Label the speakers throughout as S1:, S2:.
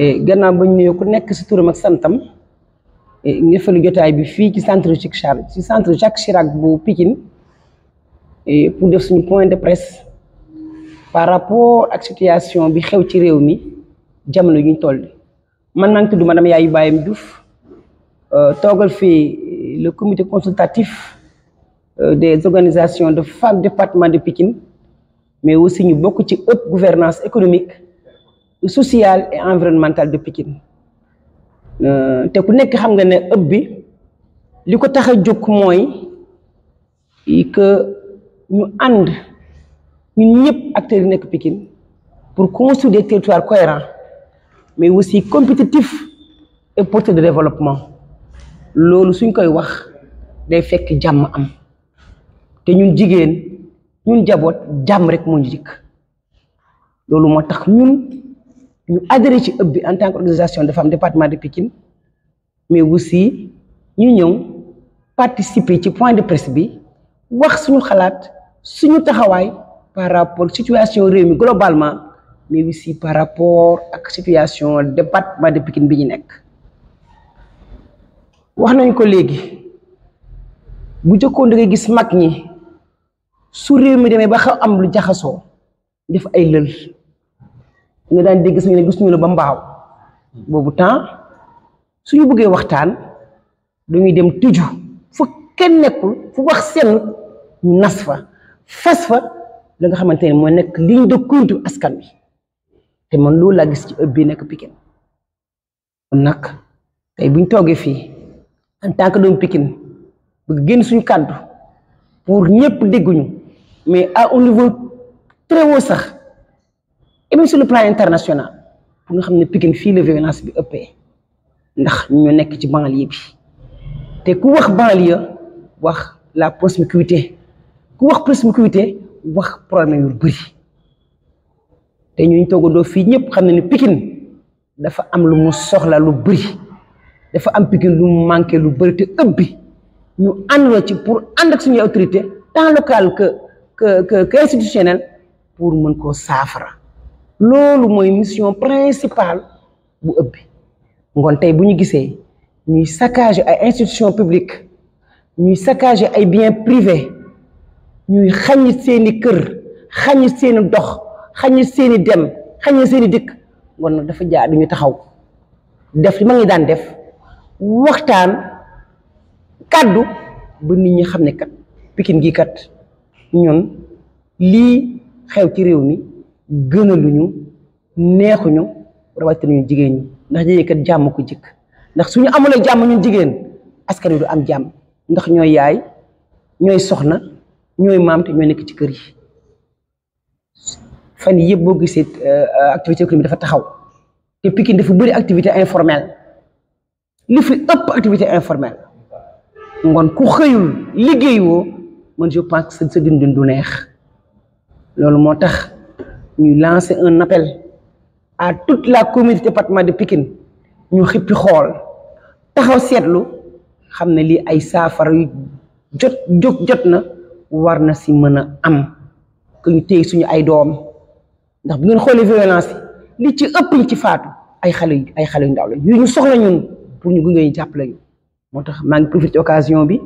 S1: et nous ñu ku ak santam eh, bi centre centre Jacques Chirac bu Pikine eh, pour def point de presse par rapport ak situation bi xew ci réew mi jamono ñu toll man madame Yaye Duf euh le comité consultatif eh, des organisations de femmes département de Pikine mais aussi ñu bokku ci gouvernance économique sociale et environnementale de Pikine euh, te ku nek xam nga ne ëpp bi li ko tax a jóg que ñu ànd ñun ñëpp acteurs yi nekk Pikine pour construire des territoires cohérents mais aussi compétitifs et porteurs de développement loolu suñ koy wax day fekk jàmm am te ñun jigéen ñun jaboot jàmm rek moo ñu dikk loolu moo tax ñun ñu adhéré ci ëpp en tant que organisation dafa am département de Pikine mais aussi ñu ñëw participer ci point de presse bi wax suñu xalaat suñu taxawaay par rapport situation réew mi globalement mais aussi par rapport ak situation département de Pikine bi ñu nekk wax nañ ko léegi bu jëkkoon da nga gis mag ñi su réew mi demee ba xaw am lu jaxasoo def ay lël nga daan dégg suñu ne gis ñu la ba mbaaw boobu temps suñu buggee waxtaan dañuy dem toujours fu kenn nekkul fu wax seen nas fa fas fa la nga xamante ne moo nekk ligne de compte askan wi te man loolu laa gis ci ëpp bi nekk Pikine kon tey buñ toogee fii en tant que doomu génn suñu kàddu pour ñëpp dégguñu mais à un niveau très haut sax et même sur le plan international pour nous xamné ne fi le la violence bi uppé ndax ñu nekk ci banlieue bi té ku wax banlieue wax la promiscuité ku wax promiscuité wax problème yu bari té ñu togo do fi xam xamné ni pigine dafa am lu mu soxla lu bari dafa am pigine lu mu manqué lu bari té ëbbi ñu àndoo ci pour and ak suñu autorité tant local que que que institutionnel pour mën ko saafara loolu moy mission principale bu ëpp ngon tay buñu bu ñuy saccager ay institutions publiques ñuy saccager ay biens privés ñuy xagn seeni kër xagn seeni dox xagn seeni dem xagn seeni dëkk ngon nag dafa jaar duñu taxaw def li ma ngi daan def waxtaan kaddu ba nit ñi xam ne kat Pikine gi kat ñun lii xew ci réew mi gënaluñu neexuñu rawatina ñu jigéen ñi ndax jigéen kat jàmm ko jikk ndax suñu amulee jàmm ñun jigéen askan wi du am jàmm ndax ñooy yaay ñooy soxna ñooy maam te ñooy nekk ci kër yi fan yii yëpp boo gisee euh, activité économique dafa taxaw te Pikine dafa bëri activité informelle li fi ëpp activité informelle ngon ku xëyul liggéey man je pense que sa dundin du neex loolu moo tax ñuy lancer un appel a toute la communauté département de pikin ñu xippi xool taxaw seetlu xam ne lii ay saafara yu jot jóg jot na war na si mën a am que ñu téye suñu ay doom ndax bu ngeen xoolee violence yi li ci ëpp ñu ci faatu ay xale yu ay xale yu ndaw la yu ñu soxla ñun pour ñu gunge ñu jàppale ñu moo tax maa ngi profité occasion bi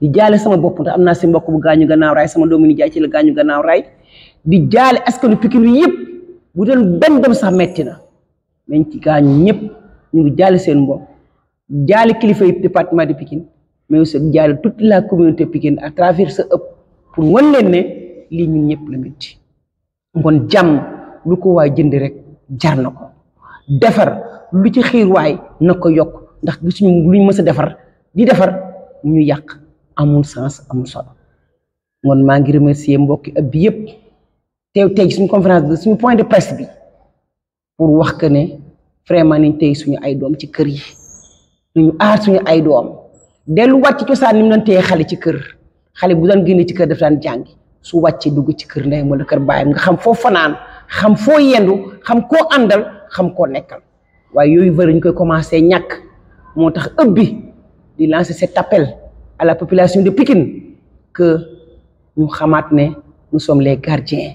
S1: di jaale sama bopp ndax am naa si mbokk bu gaañu gannaaw raay sama doomu ni jaay ci la gaañu gannaaw raay di jaale askanu Pikine bi yëpp bu doon benn dem sax metti na mais ci ñëpp ñu ngi jaale seen mbokk jaale kilifa yi département de pikin mais seen jaale tout la communauté Pikine à travers sa ëpp pour wan leen ne lii ñun ñëpp la métti kon jàmm lu ko waay jënd rek jaar na ko defar lu ci xiir waay na ko yokk ndax gisuñu luñ mës a defar di defar ñu yàq amul sens amul solo kon maa ngi remercier mbokki ab bi yëpp teew teg suñu conférence bi suñu point de presse bi pour wax que ne vraiment nañ tey suñu ay doom ci kër yi ñu suñu ay doom delluwaat ci cosaan ni mu doon téye xale ci kër xale bu daan génne ci kër daf daan jàngi su wàccee dugg ci kër ndeyam wala kër baay nga xam foo fanaan xam foo yendu xam koo àndal xam koo nekkal waaye yooyu bëri ñu koy commencé ñàkk moo tax ëbbi di lancer cet appel à la population de Pikine que ñu xamaat ne nous sommes les gardiens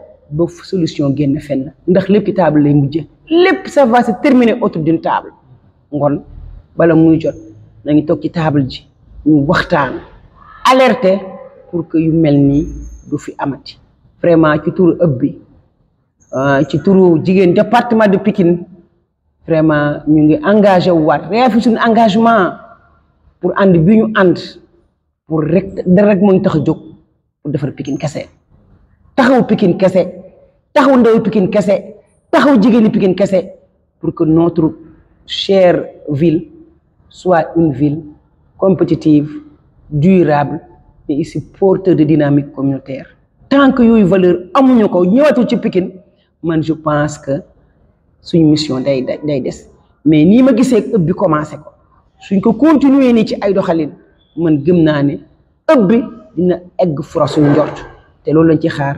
S1: ba solution génn fenn ndax lépp table lay lépp ça va se terminer autour d'une table ngon bala muy jot nañu toog ci table ji ñu waxtaan pour que yu mel nii fi amati vraiment ci turu bi euh, ci turu jigéen département de Pikine vraiment ñu engagé waat suñu engagement pour ànd bi ñu pour rek dara rek moo tax a pour defar Pikine kese taxaw taxaw ndaw Pikine kese taxaw jigéeni pikin kese pour que notre chère ville soit une ville compétitive durable mais ici porteur de dynamique communautaire tant que yooyu valeur amuñu ko ñëwatul ci pikin man je pense que suñ mission day day des mais nii ma gisee ëpp bi commencé ko suñ ko continuer nii ci ay doxalin man gëm naa ne ëpp bi dina egg foro suñu njort te loolu lañ ci xaar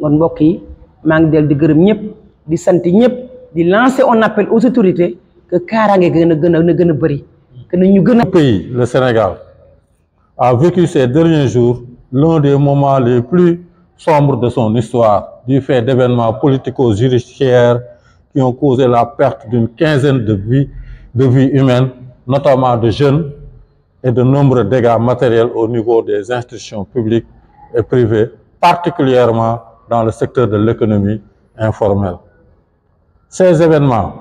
S1: le pays
S2: le Sénégal a vécu ces derniers jours l'un des moments les plus sombres de son histoire du fait d'événements politico-judiciaires qui ont causé la perte d'une quinzaine de vies de vies humaines notamment de jeunes et de nombreux dégâts matériels au niveau des institutions publiques et privées particulièrement dans le secteur de l'économie informelle. Ces événements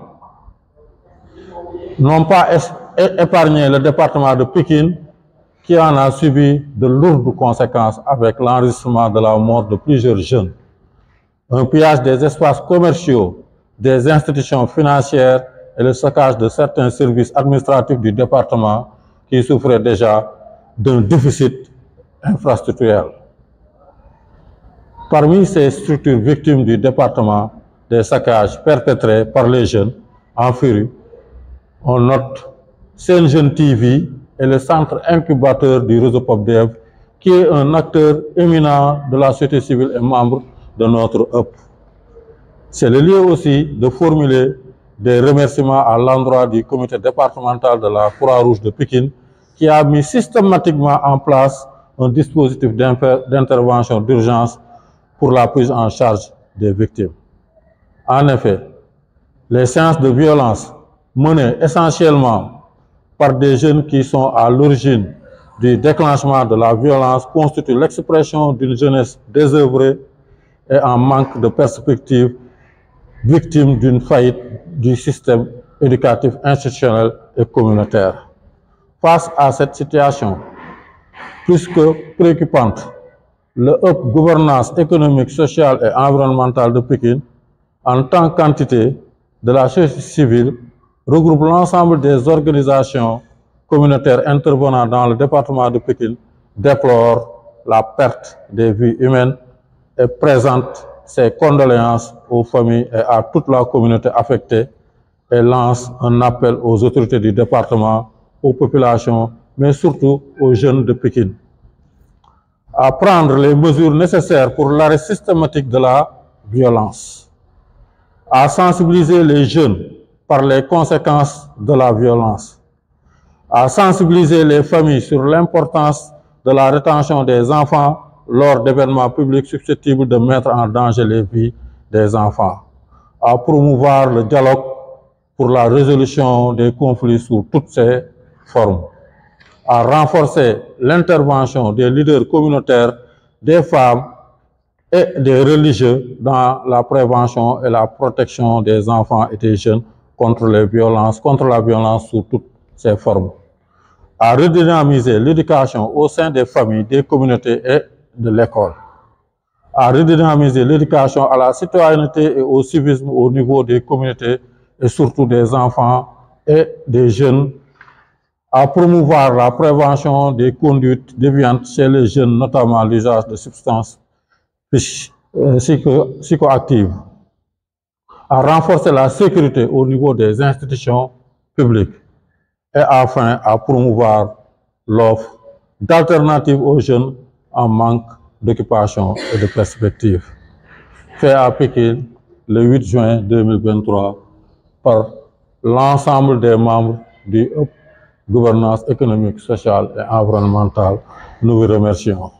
S2: n'ont pas épargné le département de Pékin qui en a subi de lourdes conséquences avec l'enregistrement de la mort de plusieurs jeunes, un pillage des espaces commerciaux, des institutions financières et le saccage de certains services administratifs du département qui souffraient déjà d'un déficit infrastructurel. Parmi ces structures victimes du département des saccages perpétrés par les jeunes en furie, on note Saint Jeune TV et le centre incubateur du réseau PopDev, qui est un acteur éminent de la société civile et membre de notre UP. C'est le lieu aussi de formuler des remerciements à l'endroit du comité départemental de la Croix-Rouge de Pékin, qui a mis systématiquement en place un dispositif d'intervention d'urgence pour la prise en charge des victimes. En effet, les séances de violence menées essentiellement par des jeunes qui sont à l'origine du déclenchement de la violence constituent l'expression d'une jeunesse désœuvrée et en manque de perspective, victime d'une faillite du système éducatif institutionnel et communautaire. Face à cette situation plus que préoccupante, le hub gouvernance économique, sociale et environnementale de Pékin en tant qu'entité de la société civile regroupe l'ensemble des organisations communautaires intervenant dans le département de Pékin déplore la perte des vies humaines et présente ses condoléances aux familles et à toute la communauté affectée et lance un appel aux autorités du département, aux populations, mais surtout aux jeunes de Pékin à prendre les mesures nécessaires pour l'arrêt systématique de la violence, à sensibiliser les jeunes par les conséquences de la violence, à sensibiliser les familles sur l'importance de la rétention des enfants lors d'événements publics susceptibles de mettre en danger les vies des enfants, à promouvoir le dialogue pour la résolution des conflits sous toutes ses formes à renforcer l'intervention des leaders communautaires, des femmes et des religieux dans la prévention et la protection des enfants et des jeunes contre les violences, contre la violence sous toutes ses formes. À redynamiser l'éducation au sein des familles, des communautés et de l'école. À redynamiser l'éducation à la citoyenneté et au civisme au niveau des communautés et surtout des enfants et des jeunes à promouvoir la prévention des conduites déviantes chez les jeunes, notamment l'usage de substances euh, psychoactives, à renforcer la sécurité au niveau des institutions publiques et afin à promouvoir l'offre d'alternatives aux jeunes en manque d'occupation et de perspective. Fait à le 8 juin 2023 par l'ensemble des membres du gouvernance économique, sociale et environnementale. Nous vous remercions.